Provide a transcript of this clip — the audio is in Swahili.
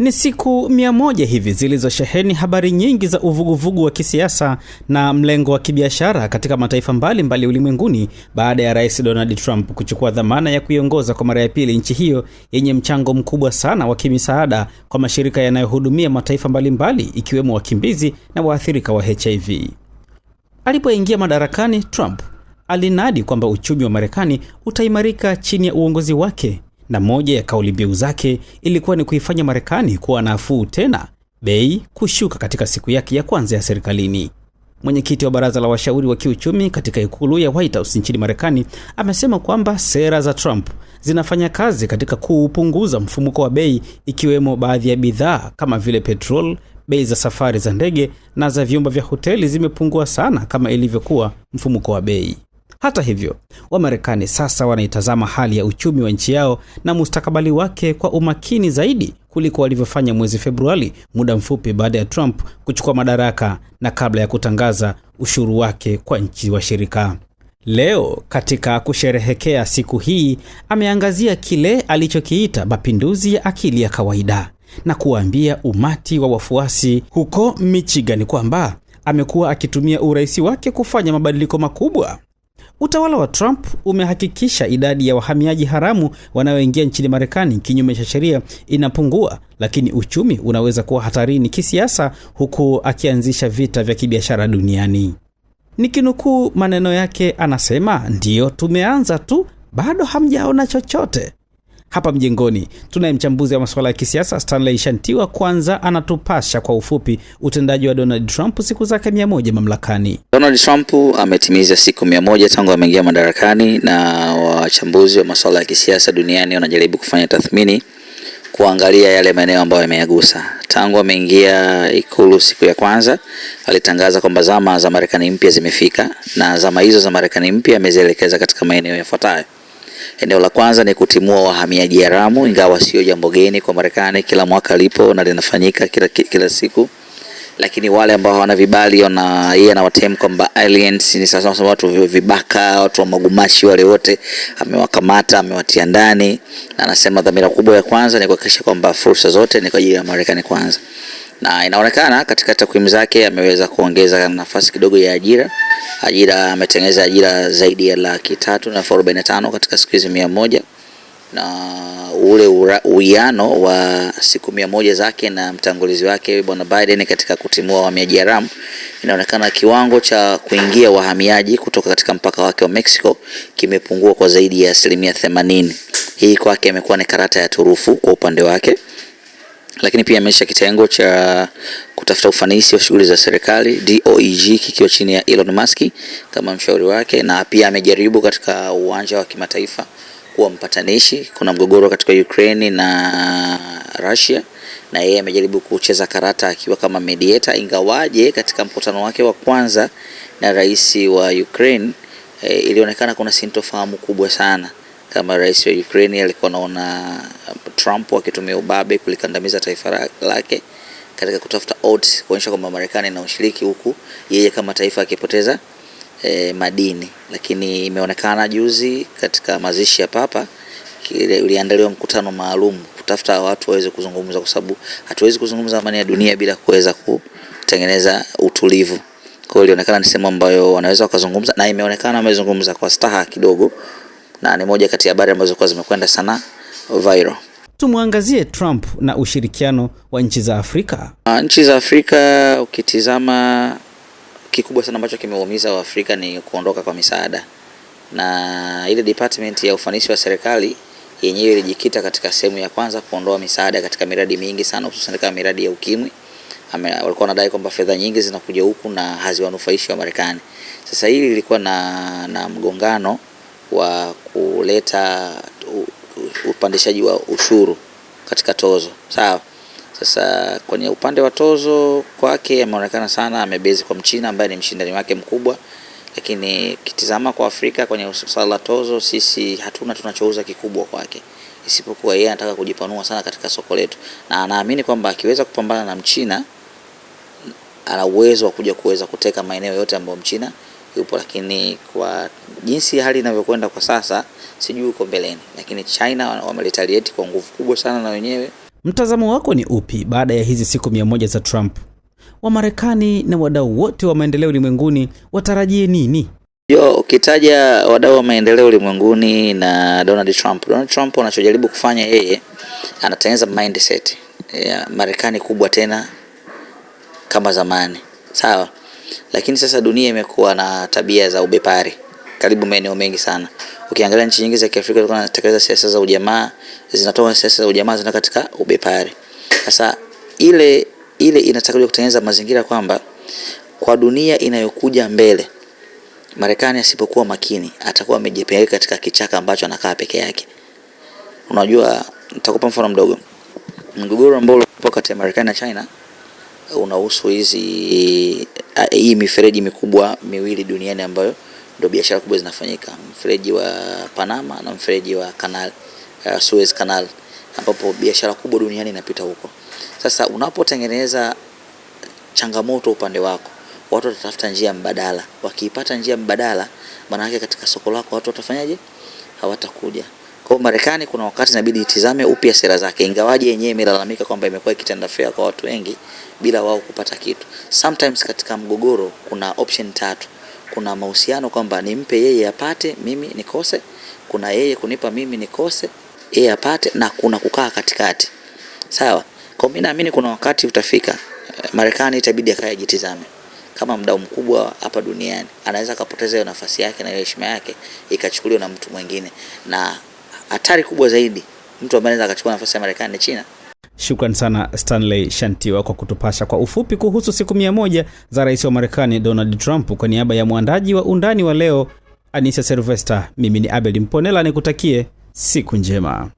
Ni siku mia moja hivi zilizosheheni habari nyingi za uvuguvugu wa kisiasa na mlengo wa kibiashara katika mataifa mbalimbali ulimwenguni baada ya Rais Donald Trump kuchukua dhamana ya kuiongoza kwa mara ya pili nchi hiyo yenye mchango mkubwa sana wa kimisaada kwa mashirika yanayohudumia mataifa mbalimbali ikiwemo wakimbizi na waathirika wa HIV. Alipoingia madarakani, Trump alinadi kwamba uchumi wa Marekani utaimarika chini ya uongozi wake na moja ya kauli mbiu zake ilikuwa ni kuifanya Marekani kuwa nafuu tena, bei kushuka katika siku yake ya kwanza ya serikalini. Mwenyekiti wa baraza la washauri wa kiuchumi katika ikulu ya White House nchini Marekani amesema kwamba sera za Trump zinafanya kazi katika kuupunguza mfumuko wa bei, ikiwemo baadhi ya bidhaa kama vile petrol. Bei za safari za ndege na za vyumba vya hoteli zimepungua sana kama ilivyokuwa mfumuko wa bei. Hata hivyo, Wamarekani sasa wanaitazama hali ya uchumi wa nchi yao na mustakabali wake kwa umakini zaidi kuliko walivyofanya mwezi Februari, muda mfupi baada ya Trump kuchukua madaraka na kabla ya kutangaza ushuru wake kwa nchi wa shirika Leo katika kusherehekea siku hii ameangazia kile alichokiita mapinduzi ya akili ya kawaida na kuwaambia umati wa wafuasi huko michigani kwamba amekuwa akitumia urahisi wake kufanya mabadiliko makubwa Utawala wa Trump umehakikisha idadi ya wahamiaji haramu wanaoingia nchini Marekani kinyume cha sheria inapungua, lakini uchumi unaweza kuwa hatarini kisiasa, huku akianzisha vita vya kibiashara duniani. Nikinukuu maneno yake, anasema ndiyo, tumeanza tu, bado hamjaona chochote hapa mjengoni. Tunaye mchambuzi wa masuala ya kisiasa Stanley Shantiwa, kwanza anatupasha kwa ufupi utendaji wa Donald Trump siku zake mia moja mamlakani. Donald Trump ametimiza siku mia moja tangu ameingia madarakani, na wachambuzi wa masuala ya kisiasa duniani wanajaribu kufanya tathmini kuangalia yale maeneo ambayo yameyagusa tangu ameingia Ikulu. Siku ya kwanza alitangaza kwamba zama za Marekani mpya zimefika, na zama hizo za Marekani mpya amezielekeza katika maeneo yafuatayo. Eneo la kwanza ni kutimua wahamiaji haramu, ingawa sio jambo geni kwa Marekani, kila mwaka lipo na linafanyika kila, kila siku lakini wale ambao hawana vibali na yeye anawatem kwamba aliens ni sasa sasa watu vibaka, watu wa magumashi, wale wote amewakamata, amewatia ndani, na anasema dhamira kubwa ya kwanza ni kuhakikisha kwamba fursa zote ni kwa ajili ya Marekani kwanza na inaonekana katika takwimu zake ameweza kuongeza nafasi kidogo ya ajira ajira ametengeneza ajira zaidi ya laki tatu na elfu arobaini na tano katika siku hizi mia moja na ule uwiano wa siku mia moja zake na mtangulizi wake bwana Biden katika kutimua wahamiaji haramu, inaonekana kiwango cha kuingia wahamiaji kutoka katika mpaka wake wa Mexico kimepungua kwa zaidi ya asilimia themanini. Hii kwake imekuwa ni karata ya turufu kwa upande wake lakini pia imeanzisha kitengo cha kutafuta ufanisi wa shughuli za serikali DOEG kikiwa chini ya Elon Musk kama mshauri wake, na pia amejaribu katika uwanja wa kimataifa kuwa mpatanishi. Kuna mgogoro katika Ukraine na Russia, na yeye amejaribu kucheza karata akiwa kama mediator, ingawaje katika mkutano wake wa kwanza na rais wa Ukraine eh, ilionekana kuna sintofahamu kubwa sana kama rais wa Ukraine alikuwa anaona uh, Trump akitumia ubabe kulikandamiza taifa lake katika kutafuta odds kuonyesha kwamba Marekani ina ushiriki, huku yeye kama taifa akipoteza e, madini. Lakini imeonekana juzi katika mazishi ya Papa uliandaliwa mkutano maalum kutafuta watu waweze kuzungumza, kwa sababu hatuwezi kuzungumza amani ya dunia bila kuweza kutengeneza utulivu. Kwa hiyo ilionekana ni sehemu ambayo wanaweza wakazungumza, na imeonekana wamezungumza kwa staha kidogo na ni moja kati ya habari ambazo kwa zimekwenda sana viral. Tumwangazie Trump na ushirikiano wa nchi za Afrika. Ah, nchi za Afrika ukitizama, kikubwa sana ambacho kimeumiza Waafrika ni kuondoka kwa misaada, na ile department ya ufanisi wa serikali yenyewe ilijikita katika sehemu ya kwanza kuondoa misaada katika miradi mingi sana, hususan kama miradi ya ukimwi. Walikuwa wanadai kwamba fedha nyingi zinakuja huku na haziwanufaishi wa Marekani. Sasa hili lilikuwa na, na mgongano wa kuleta upandishaji wa ushuru katika tozo, sawa. Sasa kwenye upande wa tozo kwake ameonekana sana amebezi kwa Mchina ambaye ni mshindani wake mkubwa, lakini kitizama kwa Afrika kwenye swala la tozo, sisi hatuna tunachouza kikubwa kwake, isipokuwa yeye anataka kujipanua sana katika soko letu, na anaamini kwamba akiweza kupambana na Mchina ana uwezo wa kuja kuweza kuteka maeneo yote ambayo Mchina yupo, lakini kwa jinsi hali inavyokwenda kwa sasa sijui uko mbeleni, lakini China wameretaliate kwa nguvu kubwa sana na wenyewe. Mtazamo wako ni upi baada ya hizi siku mia moja za Trump? Wamarekani na wadau wote wa maendeleo ulimwenguni watarajie nini? Yo, ukitaja wadau wa maendeleo ulimwenguni na Donald Trump, Donald Trump anachojaribu kufanya yeye, anatengeneza mindset ya Marekani kubwa tena kama zamani, sawa lakini sasa dunia imekuwa na tabia za ubepari karibu maeneo mengi sana. Ukiangalia nchi nyingi za Kiafrika zinatekeleza siasa za ujamaa, zinatoa siasa za ujamaa zina katika ubepari. Sasa ile ile inatakiwa kutengeneza mazingira kwamba kwa dunia inayokuja mbele Marekani asipokuwa makini atakuwa amejipeleka katika kichaka ambacho anakaa peke yake. Unajua, nitakupa mfano mdogo. Mgogoro ambao upo kati ya Marekani na China unahusu hizi Ah, hii mifereji mikubwa miwili duniani ambayo ndio biashara kubwa zinafanyika, mfereji wa Panama na mfereji wa Canal, uh, Suez Canal ambapo biashara kubwa duniani inapita huko. Sasa unapotengeneza changamoto upande wako, watu watatafuta njia mbadala. Wakiipata njia mbadala, maana yake katika soko lako watu watafanyaje? Hawatakuja. Kwa Marekani kuna wakati inabidi itizame upya sera zake, ingawaje yenyewe imelalamika kwamba imekuwa ikitenda fea kwa watu wengi bila wao kupata kitu. Sometimes katika mgogoro kuna option tatu. Kuna mahusiano kwamba nimpe yeye apate, mimi nikose, kuna yeye kunipa mimi nikose, yeye apate, na kuna kukaa katikati. Sawa. Kwa mimi naamini kuna wakati utafika eh, Marekani itabidi akae jitizame kama mdau mkubwa hapa duniani, anaweza akapoteza hiyo nafasi yake na hiyo heshima yake ikachukuliwa na mtu mwingine na hatari kubwa zaidi mtu ambaye anaweza akachukua nafasi ya Marekani na China. Shukran sana Stanley Shantiwa kwa kutupasha kwa ufupi kuhusu siku mia moja za rais wa Marekani Donald Trump. Kwa niaba ya mwandaji wa undani wa leo Anisa Silvester, mimi ni Abel Mponela nikutakie siku njema.